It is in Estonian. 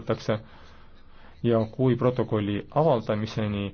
võetakse ja kui protokolli avaldamiseni